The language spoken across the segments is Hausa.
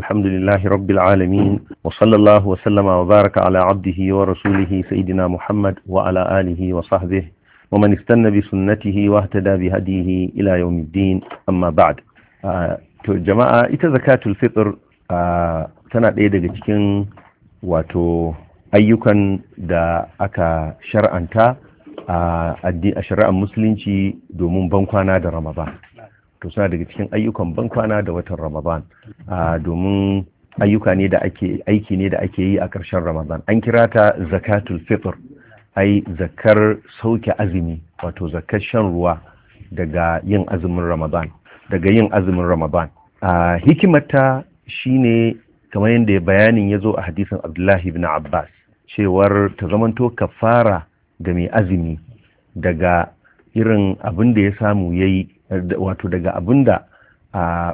الحمد لله رب العالمين وصلى الله وسلم وبارك على عبده ورسوله سيدنا محمد وعلى آله وصحبه ومن استنى بسنته واهتدى بهديه إلى يوم الدين أما بعد جماعة ita zakatul fitr tana ɗaya daga cikin wato ayyukan da aka shar'anta a shari'ar musulunci domin bankwana da ramadan to suna daga cikin ayyukan ban kwana da watan ramadan domin ayyuka ne da ake aiki ne da ake yi a ƙarshen ramadan an kira ta zakatul fitr ai zakar sauke azumi wato zakar shan ruwa daga yin azumin ramadan daga yin azumin ramadan hikimarta shine kamar yadda bayanin ya zo a hadisin abdullahi ibn abbas cewar ta zamanto kafara ga mai azumi daga irin abin da ya samu ya yi wato daga abin da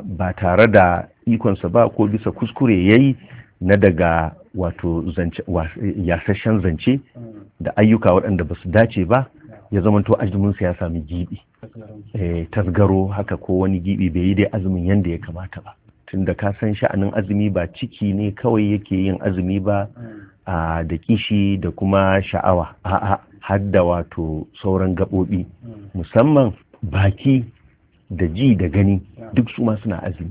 ba tare da ikonsa ba ko bisa kuskure ya yi na daga wato yasashen zance da ayyuka waɗanda ba su dace ba ya zamanto azuminsa ya sami gibi eh, tasgaro haka ko wani gibi bai yi dai azumin yadda ya kamata ba tunda ka san sha'anin azumi ba ciki ne kawai yake yin azumi ba da kishi da kuma sha'awa a'a har da wato sauran gaɓoɓi musamman baki da ji da gani duk su ma suna azumi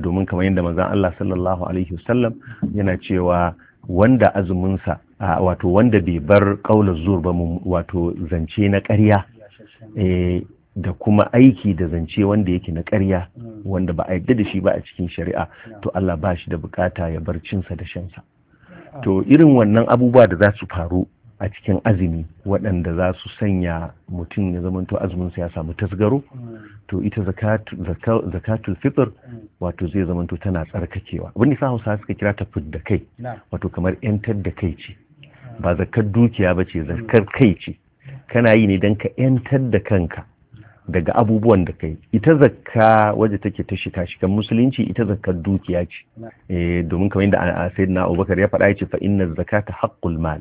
domin kamar yadda manzon Allah sallallahu alaihi wasallam yana cewa wanda azuminsa wato wanda bai bar kaular zuwa ba wato zance na karya, eh, da kuma aiki da zance wanda yake na karya, wanda ba a yadda da shi ba a cikin shari'a to Allah ba shi da bukata ya bar cinsa da shansa to irin wannan abubuwa da za su faru a cikin azumi waɗanda za su sanya mutum ya zamanto sa ya samu tasgaro to ita zakatul fitr wato zai zamanto tana tsarkakewa abin sa hausa suka kira ta fidda kai wato kamar yantar da kai ce ba zakar dukiya ba ce zakar kai ce kana yi ne don ka yantar da kanka daga abubuwan da kai ita zakka waje take ta shika shikan musulunci ita zakkar dukiya ce eh, domin kamar yadda sayyidina abubakar ya faɗa ya ce fa inna zakata haqqul mal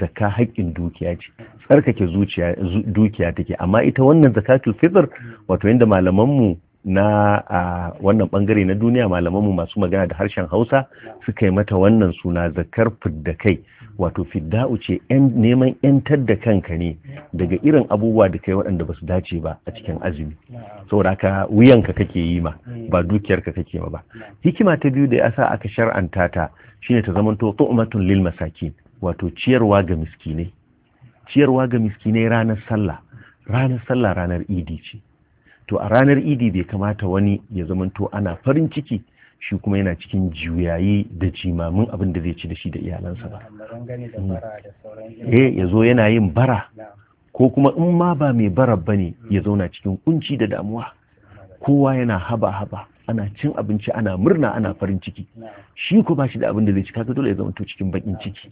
zakka haƙƙin dukiya ce tsarkake zuciya dukiya take amma ita wannan zakatul fitr wato inda malamanmu na a wannan bangare na duniya malamanmu masu magana da harshen hausa suka yi mata wannan suna zakar fidda kai wato fidda'u ce neman yantar da kanka ne daga irin abubuwa da kai waɗanda basu dace ba a cikin azumi saboda haka wuyanka kake yi ma ba dukiyarka kake ma ba hikima ta biyu da ya sa aka shar'anta ta shine ta zamanto tu'matun lil masakin wato ciyarwa ga miskinai ciyarwa ga miskinai ranar sallah ranar sallah ranar idi ce to a ranar idi bai kamata wani ya zamanto ana farin ciki shi kuma yana cikin juyayi da jimamin abin da zai ci da shi da iyalansa ba mm. eh ya zo yana yin bara ko kuma in ma ba mai bara ba ne ya zauna cikin kunci da damuwa kowa yana haba haba ana cin abinci ana murna ana farin ciki shi ko ba shi da abin da zai ci kaga dole ya zama to cikin bakin ciki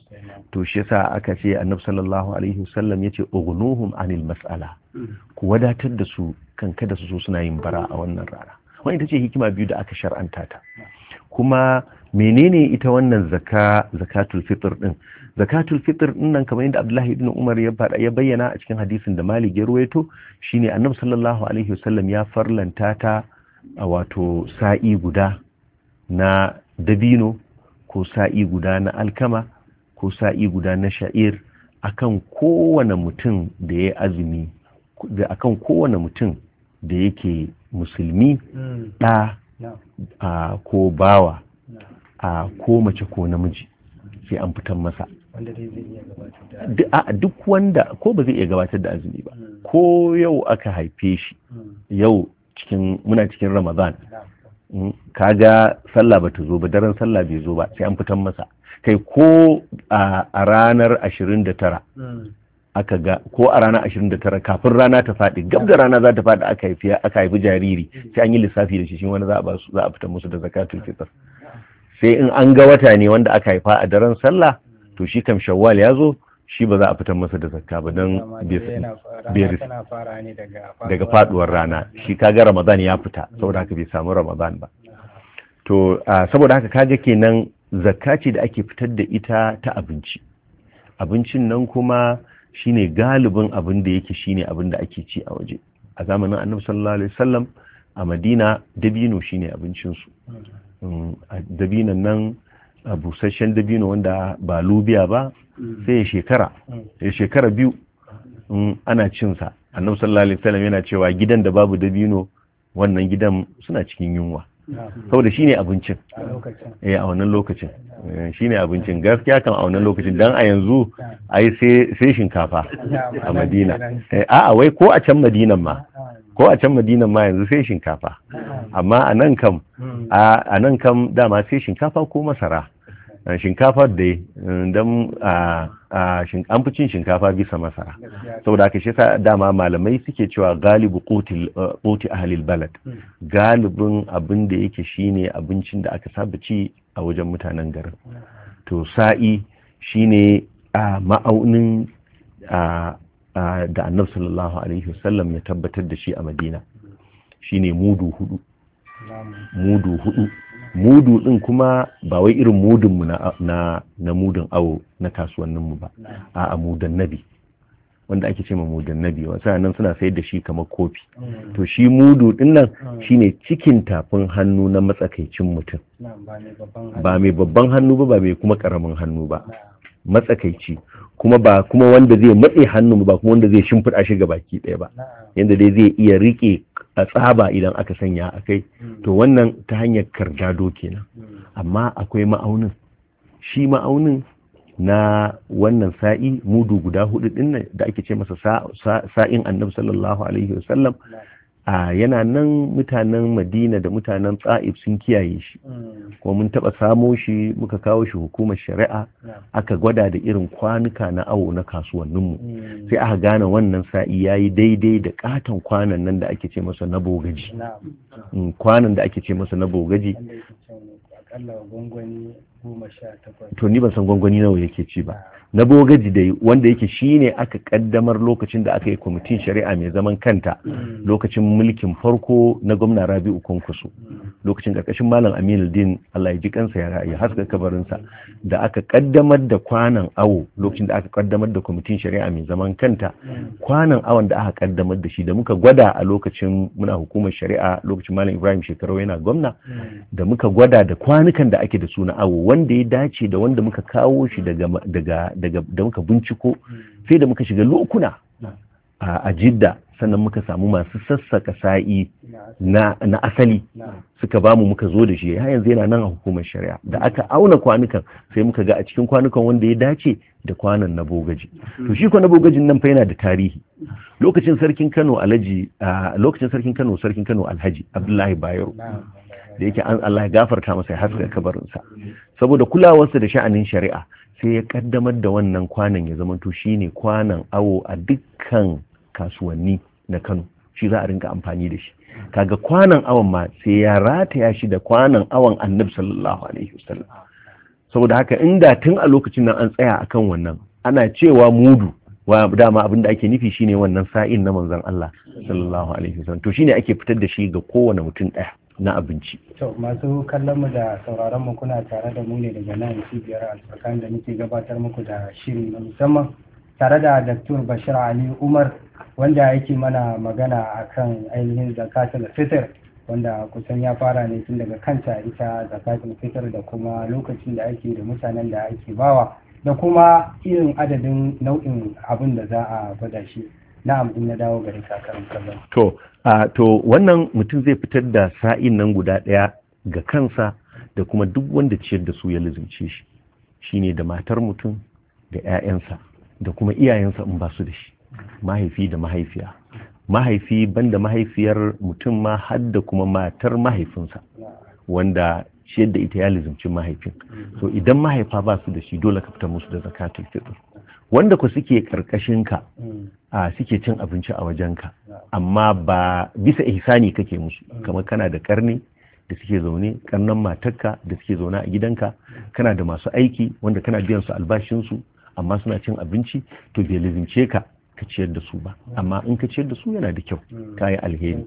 to shi yasa aka ce annabi sallallahu alaihi wasallam yace ughnuhum anil mas'ala ku wadatar da su kan kada su so suna yin bara a wannan rana wannan ita hikima biyu da aka shar'anta ta kuma menene ita wannan zaka zakatul fitr din zakatul fitr din nan kamar yadda Abdullahi ibn Umar ya fada ya bayyana a cikin hadisin da Malik ya ruwaito shine annabi sallallahu alaihi wasallam ya farlanta ta A wato sa'i guda na dabino ko sa'i guda na alkama ko sa'i guda na sha'ir akan kowane mutum da ya azumi da akan kowane mutum da yake musulmi mm. ɗa a ko bawa a ko mace ko namiji sai an fitan masa duk wanda ko ba zai iya gabatar da azumi ba mm. ko yau aka haife shi mm. yau cikin muna cikin ramadan hmm? ka ga sallah ba ta zo ba daren sallah bai zo ba sai an fitan masa kai ko a ranar 29 hmm. aka ga ko a ranar 29 kafin rana ta faɗi gab da rana za ta faɗi aka haifi aka haifi jariri hmm. sai an yi lissafi da shi shi wani za a za a fitar musu da zakatul fitr sai in an ga wata ne wanda aka haifa a daren sallah to shi kam shawwal ya zo shi ba za a fitar masa da zakka ba don daga faduwar rana shi kaga ramadan ya fita saboda haka bai samu ramadan ba to saboda haka kaga kenan zakka ce da ake fitar da ita ta abinci abincin nan kuma shine galibin abin da yake shine abin da ake ci a waje a zamanin annabi sallallahu alaihi wasallam a madina dabino shine abincinsu hmm. mm, dabinan nan a busasshen dabino wanda ba lubiya ba mm. sai ya shekara ya shekara biyu mm, ana cinsa annabi sallallahu alaihi wasallam yana cewa gidan da babu dabino wannan gidan suna cikin yunwa mm. saboda shine abincin eh a wannan lokacin eh, shine abincin gaskiya kan a wannan lokacin dan a yanzu ai sai sai shinkafa a Madina eh, a a wai ko a can Madinan ma ko a can Madinan ma yanzu sai shinkafa amma a nan kam a nan kam dama sai shinkafa ko masara eh, shinkafa da eh, don an fi cin shinkafa bisa masara saboda haka shi sa dama malamai suke cewa galibu koti eh, ahalil balad galibin abin da yake shine abincin da aka saba ci a wajen mutanen garin to sa'i shine a ma'aunin da annabi sallallahu alaihi wasallam ya tabbatar da shi a madina shine mudu hudu mudu hudu mudu din kuma ba wai irin mudun mu na na mudun awo na kasuwannin mu ba a mudan nabi wanda ake ce ma mudan nabi wasa nan suna sayar da shi kamar kofi to shi mudu din nan shine cikin tafin hannu na matsakaicin mutum ba mai babban hannu ba ba mai kuma karamin hannu ba matsakaici kuma ba kuma wanda zai matse hannu ba kuma wanda zai shimfiɗa shi ga baki ɗaya ba yadda dai zai iya riƙe a tsaba idan aka sanya a kai hmm. to wannan ta hanyar kardado kenan hmm. amma akwai ma'aunin shi ma'aunin na wannan sa'i mudu guda hudu ɗin da ake ce masa sa'in annabi sallallahu alaihi wasallam a yana nan mutanen madina da mutanen tsa'ib sun kiyaye shi mm. kuma mun taɓa samo shi muka kawo shi hukumar shari'a aka gwada da irin kwanuka na awo na kasuwanninmu mm. sai aka gane wannan sa'i ya yi daidai da katon kwanan nan da ake ce masa na bogaji mm, kwanan da ake ce masa na bogaji to ni ban san gwangwani nawa yake ci ba na bogaji dai wanda yake shine aka kaddamar lokacin da aka yi kwamitin shari'a mai zaman kanta mm. lokacin mulkin farko na gwamna rabi'u kwankwaso mm. lokacin karkashin malam aminu din allah ya ji kansa ya ra'ayi haska kabarinsa mm. da aka kaddamar da kwanan awo lokacin da aka kaddamar da kwamitin shari'a mai zaman kanta kwanan awon da aka kaddamar da shi da muka gwada a lokacin muna hukumar shari'a lokacin malam ibrahim shekarau yana gwamna da muka gwada da kwanukan da ake da su na awo wanda ya dace da wanda muka kawo shi da muka binciko sai da muka shiga lokuna a jidda sannan muka samu masu sassaka sa'i na asali suka bamu muka zo da shi ya yanzu yana nan a hukumar shari'a da aka auna kwanukan sai muka ga a cikin kwanukan wanda ya dace da kwanan na bogaji to shi na bogajin nan fa yana da tarihi lokacin sarkin Kano Alhaji lokacin sarkin Kano sarkin Kano Alhaji Abdullahi Bayero da yake an Allah ya gafarta masa ya haska kabarinsa saboda kulawarsa da sha'anin shari'a sai ya kaddamar da wannan kwanan ya zama. To shine kwanan awo a dukkan kasuwanni na Kano shi za a rinka amfani da shi kaga kwanan awon ma sai ya rataya shi da kwanan awon annabi sallallahu alaihi wasallam saboda haka inda tun a lokacin nan an tsaya akan wannan ana cewa mudu wa dama abin da ake nufi shine wannan sa'in na manzon Allah sallallahu alaihi wasallam to shine ake fitar da shi ga kowane mutum ɗaya na abinci. To masu kallon mu da sauraron mu kuna tare da mu ne daga nan cibiyar alfakan da muke gabatar muku da shiri na musamman tare da Dr. Bashir Ali Umar wanda yake mana magana akan ainihin zakatul fitr wanda kusan ya fara ne tun daga kanta ita zakatul fitr da kuma lokacin da ake da mutanen da ake bawa da kuma irin adadin nau'in abin da za a gwada shi. na'am in na dawo gari kakarin kallon to a to wannan mutum zai fitar da sa'in nan guda ɗaya ga kansa da kuma duk wanda ciyar da su ya lizince shi shine da matar mutum da 'ya'yansa da kuma iyayensa in ba su da shi mahaifi da mahaifiya mahaifi banda mahaifiyar mutum ma har da kuma matar mahaifinsa wanda ciyar da ita ya lizimcin mahaifin so idan mahaifa ba su da shi dole ka fita musu da zakatul fitr wanda ku suke karkashin ka a suke cin abinci a wajen ka amma ba bisa ihsani kake musu kamar kana da karni da suke zaune karnan matarka da suke zaune a gidanka kana da masu aiki wanda kana biyan su albashin su amma suna cin abinci to bai lizimce ka ka ciyar da su ba amma in ka ciyar da su yana da kyau kayi alheri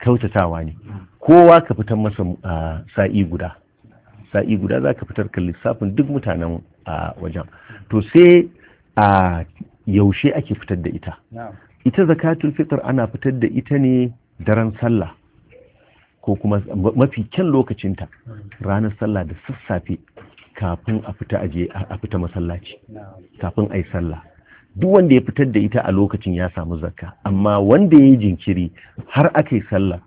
kautatawa ne kowa ka fitar masa sa'i guda sa'i guda za ka fitar ka lissafin duk mutanen a wajen to sai a yaushe ake fitar da ita ita zakatul fitr ana fitar da ita ne daren sallah ko kuma mafi kyan lokacinta ranar sallah da sassafe kafin a fita aje a fita masallaci kafin a yi sallah duk wanda ya fitar da ita a lokacin ya samu zakka amma wanda ya yi jinkiri har aka yi sallah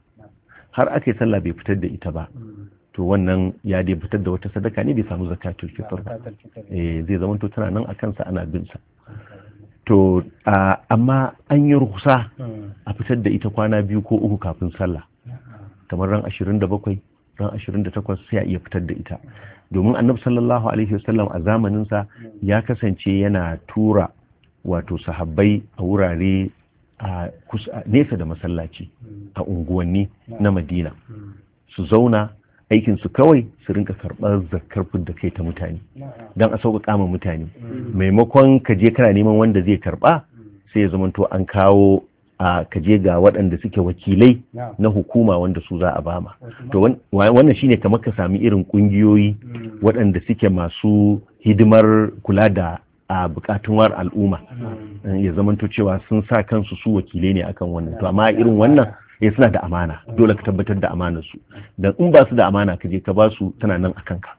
har aka yi sallah bai fitar da ita ba mm. to wannan ya dai fitar da wata sadaka ne bai samu zakatul fitr ba eh, zai zama to tana nan akan sa ana bin sa to amma an yi rukusa a fitar da ita kwana biyu ko uku kafin sallah kamar ran 27 ran 28 sai a iya fitar da ita domin annabi sallallahu alaihi wasallam a zamanin sa ya kasance yana tura wato sahabbai a wurare a nesa da masallaci a unguwanni na madina su zauna aikin su kawai su rinka karɓar zakar da kai ta mutane don a sauƙaƙa ma mutane maimakon ka je kana neman wanda zai karɓa sai ya zamanto an kawo a kaje ga waɗanda suke wakilai na hukuma wanda su za a bama to wannan shine kamar ka sami irin ƙungiyoyi waɗanda suke masu hidimar kula da a bukatun al'umma mm. ya zamanto cewa sun sa kansu su wakilai ne akan wannan to amma irin wannan ya eh, suna da amana dole ka tabbatar da amanar su dan in ba su da amana ka je ka ba su tana nan a kanka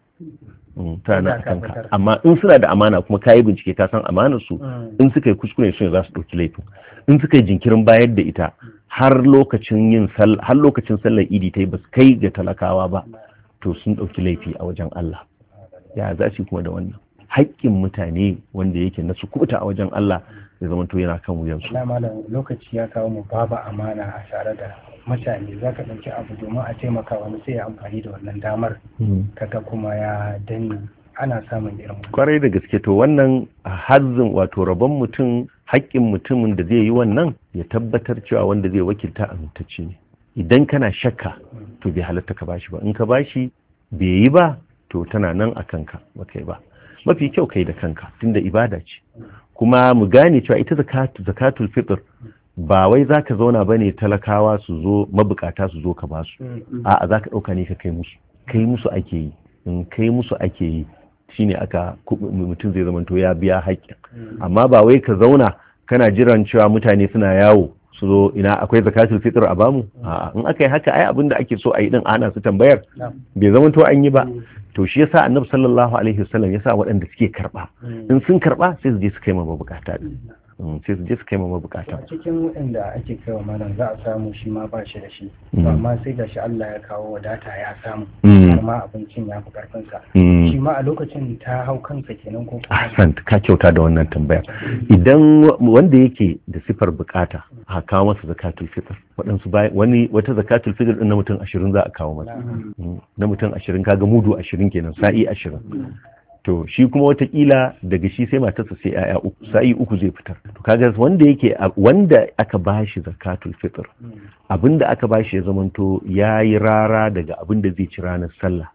mm, tana nan a kanka amma in suna da amana kuma ka yi bincike ka san amanar su mm. in suka yi kuskure su ne za su ɗauki laifin in suka yi jinkirin bayar da ita har lokacin yin har lokacin sallar idi ta yi ba su kai ga talakawa ba to sun ɗauki laifi a wajen Allah ya za su kuma da wannan haƙƙin mutane wanda yake na su kubuta a wajen Allah ya zama to yana kan wuyansu. Na malam lokaci ya kawo mu babu amana a tare da mutane za ka ɗauki abu domin a taimaka wani sai ya amfani da wannan damar hmm. kaga kuma ya danne ana samun irin kwarai da gaske to wannan hazzin wato rabon mutum haƙƙin mutumin da zai yi wannan ya tabbatar cewa wanda zai wakilta amintacce ne idan kana shakka to bai halatta ka bashi ba in ka bashi bai yi ba to tana nan a kanka ba kai ba mafi kyau kai da kanka tunda ibada ce kuma mu gane cewa ita zakatul fitr ba wai za ka zauna ba ne talakawa su zo mabukata su zo ka ba su mm-hmm. a'a za ka ɗauka ne ka kai musu kai musu ake yi in kai musu ake yi shine aka mutum zai zamanto ya biya haƙƙin mm-hmm. amma ba wai ka zauna kana jiran cewa mutane suna yawo su zo ina akwai zakatul fitr a bamu in aka yi haka ai abinda da ake so a yi din ana su tambayar bai zama to an yi ba mm. to shi yasa annabi sallallahu alaihi wasallam yasa waɗanda suke karba mm. in sun karba sai su je su kai ma bukata din mm. Mm, sai su je su kai ma mabukata cikin waɗanda ake kai wa malam za a samu shi ma ba shi da shi mm. amma sai da shi Allah ya kawo wadata ya samu mm. amma abincin ya fi karfin sa shi ma a lokacin ta hau kansa kenan ko Hassan ka kyauta da wannan tambaya idan wanda yake da sifar bukata a kawo masa zakatul fitr waɗansu wani wata zakatul fitr din na mutum ashirin za a kawo masa na mutum ashirin kaga mudu ashirin kenan sa'i ashirin to shi kuma watakila daga shi sai matarsa sai yaya uku sa'i uku zai fitar to kaga wanda yake wanda aka bashi zakatul fitr abinda aka bashi ya zamanto yayi rara daga abinda zai ci ranar sallah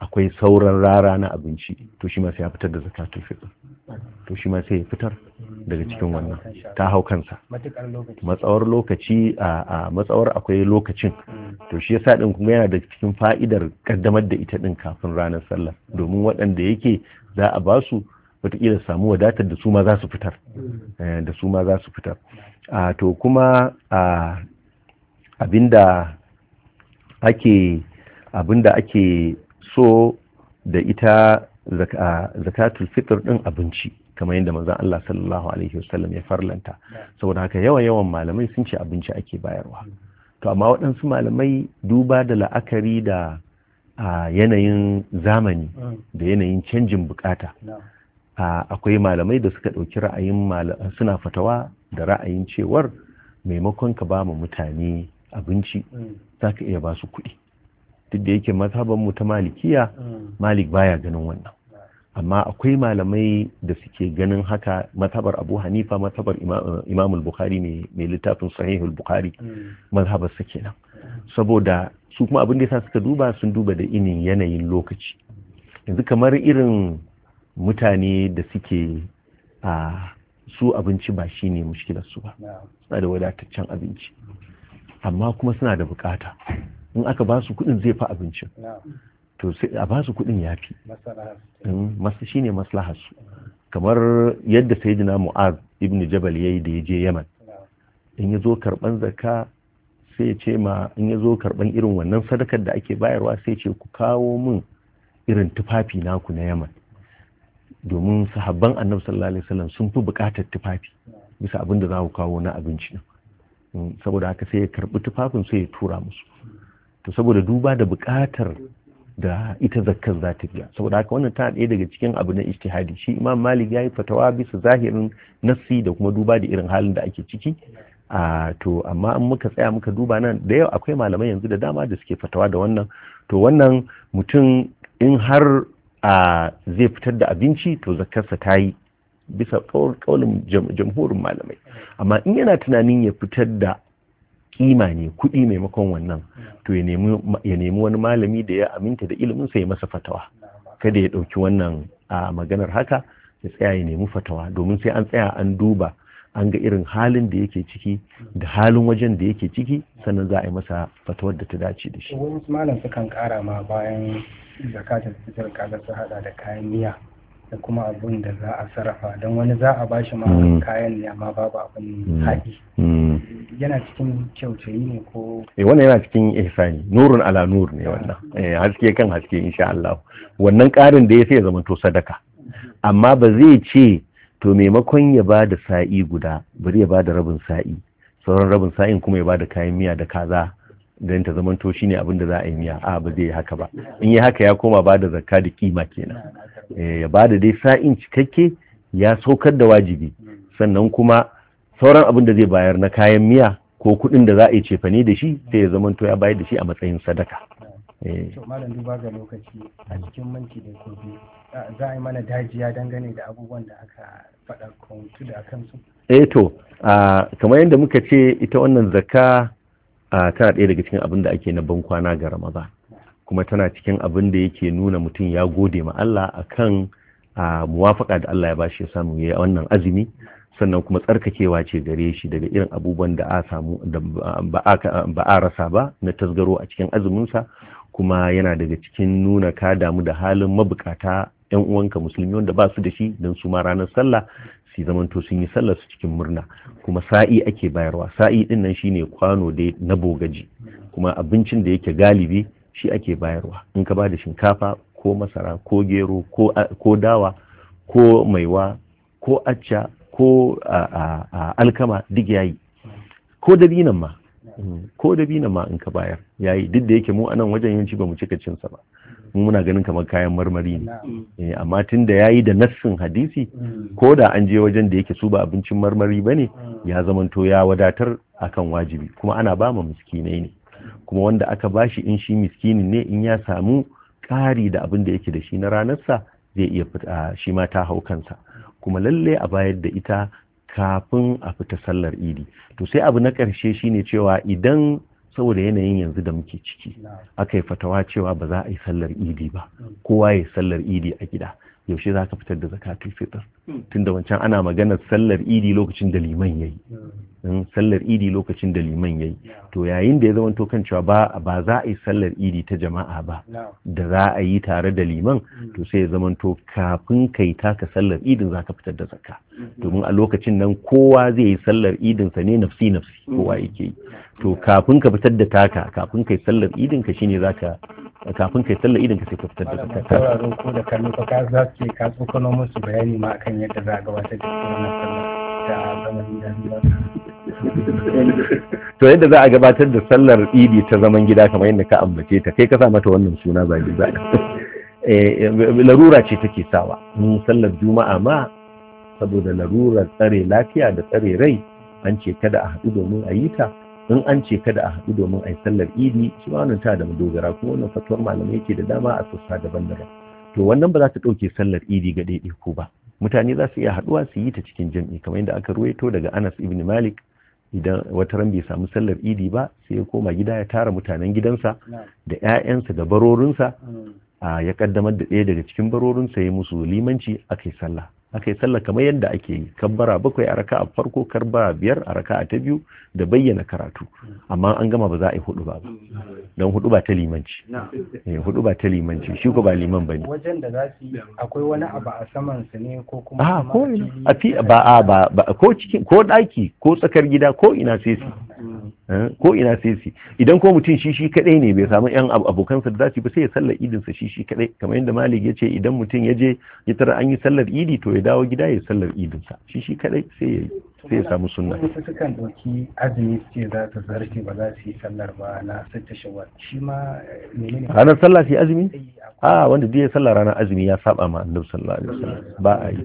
akwai sauran rara na abinci to shi ma sai ya fitar da zakatul fitr to shi ma sai ya fitar daga cikin wannan ta hau kansa matsawar lokaci a matsawar akwai lokacin to shi yasa din kuma yana da cikin fa'idar kaddamar da ita din kafin ranar sallah domin waɗanda yake za a ba su wataƙila samu wadatar da su ma za su fitar mm. eh, da su ma za su fitar a to kuma abinda ake abinda ake so da ita zakatul fitr din abinci kamar yadda manzon Allah sallallahu alaihi wasallam ya farlanta saboda haka yawan yawan malamai sun ce abinci ake bayarwa mm. to amma waɗansu malamai duba da la'akari da a yanayin zamani mm. da yanayin canjin bukata akwai malamai da suka ɗauki ra'ayin suna fatawa da ra'ayin cewar maimakon ka ba mu mutane abinci mm. za ka iya ba su kuɗi duk da yake mazhaban mu ta malikiya mm. malik baya ganin wannan amma akwai malamai da suke ganin haka mazhabar abu hanifa mazhabar imamul bukhari mai littafin sahihul bukhari mazhabar sa kenan saboda su kuma abin da sa suka duba sun duba da inin yanayin lokaci yanzu kamar irin mutane da suke a su abinci ba shi ne su ba suna da wadataccen abinci amma kuma suna da bukata in aka ba su kudin zai fi abincin to a ba su kudin ya fi mm, shi ne maslaharsu kamar yadda sayidina mu'ad ibn jabal ya yi da ya je yaman in ya zo karban zakka sai ya ce ma in ya zo karban irin wannan sadakar da ake bayarwa sai ce ku kawo min irin tufafi naku na yaman domin sahabban annabi sallallahu alaihi wasallam sun fi buƙatar tufafi bisa abin da za ku kawo na abinci mm, saboda haka sai ya karbi tufafin sai ya tura musu to saboda duba da buƙatar da ita zakkar za ta biya saboda haka wannan ta ɗaya daga cikin abu na ijtihadi shi imam malik yayi fatawa bisa zahirin nassi da kuma duba da irin halin da ake ciki a to amma an muka tsaya muka duba nan da yau akwai malamai yanzu da dama da suke fatawa da wannan to wannan mutum in har a zai fitar da abinci to zakarsa ta yi bisa kaulin jamhurin malamai amma in yana tunanin ya fitar da kima ne kuɗi maimakon wannan to ya nemi wani malami da ya aminta da ilimin sai ya masa fatawa kada ya ɗauki wannan a maganar haka ya tsaya ya nemi fatawa domin sai an tsaya an duba an ga irin halin da yake ciki da halin wajen da yake ciki sannan za a yi masa fatuwar da ta dace da shi wani malam sukan kara ma bayan zakatul fitar kaga su hada da kayan miya da kuma abun da za a sarrafa don wani za a bashi ma mm. kayan ne amma babu abin mm. haɗi mm. yana cikin kyautayi ne ko eh wannan yana cikin ihsani nurun ala nur ne wannan eh, haske kan haske insha Allah wannan ƙarin da ya sai ya zama to sadaka amma ba zai ce to maimakon ya ba da sa'i guda bari ya ba da rabin sa'i sauran rabin sa'in kuma ya ba da kayan miya da kaza don ta zamanto shi ne abin da za a yi miya a ba zai yi haka ba in yi haka ya koma ba da zakka da kima kenan eh, ya ba da dai sa'in cikakke ya saukar da wajibi sannan kuma sauran abin da zai bayar na kayan miya ko kuɗin da za a yi cefane da shi sai ya zamanto ya bayar da shi a matsayin sadaka Eh. to malam duba ga lokaci a cikin minti da za a yi mana dajiya dangane da abubuwan da aka faɗa da su eh to kamar yadda muka ce ita wannan zaka tana ɗaya daga cikin abin da ake na kwana ga ramadan kuma tana cikin abin da yake nuna mutum ya gode ma Allah a kan muwafaka da Allah ya bashi ya samu ya wannan azumi sannan kuma tsarkakewa ce gare shi daga irin abubuwan da ba a rasa ba na tasgaro a cikin azuminsa kuma yana daga cikin nuna ka damu da halin mabukata yan uwanka musulmi wanda ba su da shi don su ma ranar sallah su zamanto sun yi sallah su cikin murna kuma sa'i ake bayarwa sa'i din nan shine kwano da na bogaji kuma abincin da yake galibi shi ake bayarwa in ka ba da shinkafa ko masara ko gero ko dawa ko maiwa ko acca ko alkama duk yayi ko dabinan ma Mm. ko da bina ma in ka bayar yayi duk da yake mu anan wajen yanci ba mu cika cin sa ba mu muna ganin kamar kayan marmari ne mm. eh, amma tun da yayi da nassin hadisi mm. ko da an je wajen da yake su ba abincin marmari ba ne, ya zamanto ya wadatar akan wajibi kuma ana ba ma miskinai ne kuma wanda aka bashi in shi miskinin ne in ya samu ƙari da abin da yake da shi na ranarsa zai iya fita shi ma ta hau kansa kuma lalle a bayar da ita kafin a fita sallar idi to sai abu na ƙarshe shine cewa idan saboda yanayin yanzu da muke ciki aka yi fatawa cewa ba za a yi sallar idi ba kowa ya sallar idi a gida yaushe za ka fitar da zakatul fitr tunda wancan ana maganar sallar idi lokacin da liman yayi hmm. Hmm, sallar idi lokacin da liman yayi to yayin da ya zamanto kan cewa ba za a yi sallar idi ta jama'a ba da za a yi tare da liman hmm. to sai ya to kafin kai taka sallar idin za ka fitar da zakka domin a lokacin nan kowa zai yi sallar idin sa ne nafsi nafsi kowa yake yi to kafin ka fitar da taka kafin kai sallar idin ka shine zaka kafin kai sallar idin ka sai ka fitar da zakka ko da kallon ka za su ka tsokano musu bayani ma akan yadda za a gabatar to yadda za a gabatar da sallar idi ta zaman gida kamar yadda ka ambace ta kai ka sa mata wannan suna ba gida eh, larura ce take sawa sallar juma'a ma saboda larurar tsare lafiya da tsare rai an ce kada a haɗu domin a yi ta in an ce kada a haɗu domin a yi sallar idi shi ma wannan ta da madogara kuma wannan fatuwar malamai ke da dama a sassa daban-daban to wannan ba za ta ɗauke sallar idi ga ɗaiɗaiku ba mutane za su iya haduwa su yi ta cikin jam'i kamar yadda aka ruwaito daga Anas ibn Malik idan wata ran bai samu sallar idi ba sai ya koma gida ya tara mutanen gidansa da 'ya'yansa da barorinsa mm. ah, ya kaddamar da ɗaya daga cikin barorinsa ya musu limanci aka yi sallah aka yi sallah kamar yadda ake yi kabbara bakwai a raka'a farko karbara biyar a raka'a ta biyu da bayyana karatu amma an gama ba za a yi hudu ba don hudu ba ta limanci eh, hudu ba ta limanci shi ko ba liman bane wajen da za su akwai wani abu a saman su ne ko kuma ah, a ko a fi ba a ba ko cikin ko daki ko tsakar gida ko ina sai su mm. Eh? ko ina su idan ko mutum shi shi kadai ne bai samu yan abokansa da za ba sai ya sallar idin sa shi shi kadai kamar yadda malik ya ce idan mutum ya je ya tara an yi sallar idi to ya dawo gida ya sallar idin sa shi shi kadai sai ya sai ya samu sunna wasu kan ɗauki azumi ce za ta zarce ba za su yi sallar ba na sitta shawar shi ma eh, menene ranar sallah sai azumi eh, a ah, wanda duk ya sallar ranar azumi ya saba ma annabi sallallahu alaihi wasallam ba a yi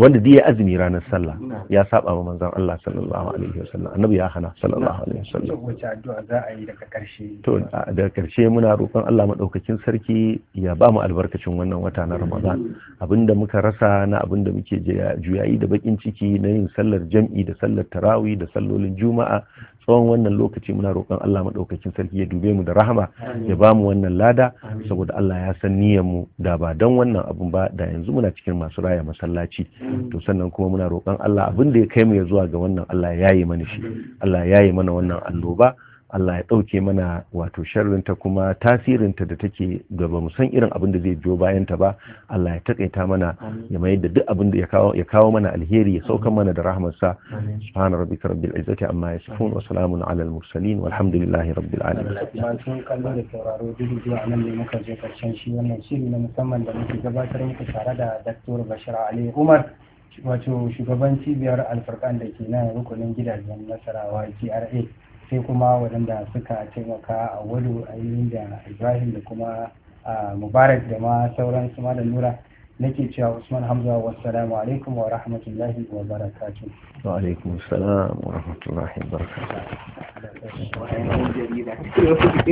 wanda duk ya azumi ranar sallah ya saba wa manzon Allah sallallahu alaihi wasallam annabi ya hana sallallahu alaihi wasallam wace addu'a za a yi daga karshe to daga karshe muna roƙon Allah madaukakin sarki ya ba mu albarkacin wannan wata na Ramadan mm-hmm. abinda muka rasa na abinda muke juyayi da bakin ciki na yin sallar jam'i da sallar tarawih da sallolin juma'a tsawon wannan lokaci muna roƙon Allah maɗaukakin sarki ya dube mu da rahama ya ba mu wannan lada saboda Allah ya san niyyar mu da ba don wannan abun ba da yanzu muna cikin masu raya masallaci to sannan kuma muna roƙon Allah abin da ya kai mu ya zuwa ga wannan Allah ya yi mana shi Allah ya yi mana wannan annoba Allah ya ɗauke mana wato sharrinta kuma tasirinta da take ga ba san irin abin da zai biyo bayanta ba Allah ya taƙaita mana ya mayar da duk abin da ya kawo mana alheri ya saukan mana da rahmarsa subhana rabbika rabbil izzati amma yasifun wa salamun ala al mursalin walhamdulillahi rabbil alamin sun kallo da sauraro duk zuwa nan ne muka je karshen shi wannan shiri na musamman da muke gabatar muku tare da Dr. Bashir Ali Umar wato shugaban cibiyar alfarkan da ke nan rukunin gidajen nasarawa GRA sai kuma waɗanda suka taimaka a wadu a yi da ibrahim da kuma mubarak da ma sauran su ma da nura nake cewa usman hamza wassalamu alaikum wa rahmatullahi wa barakatu wa alaikum salam wa rahmatullahi wa barakatu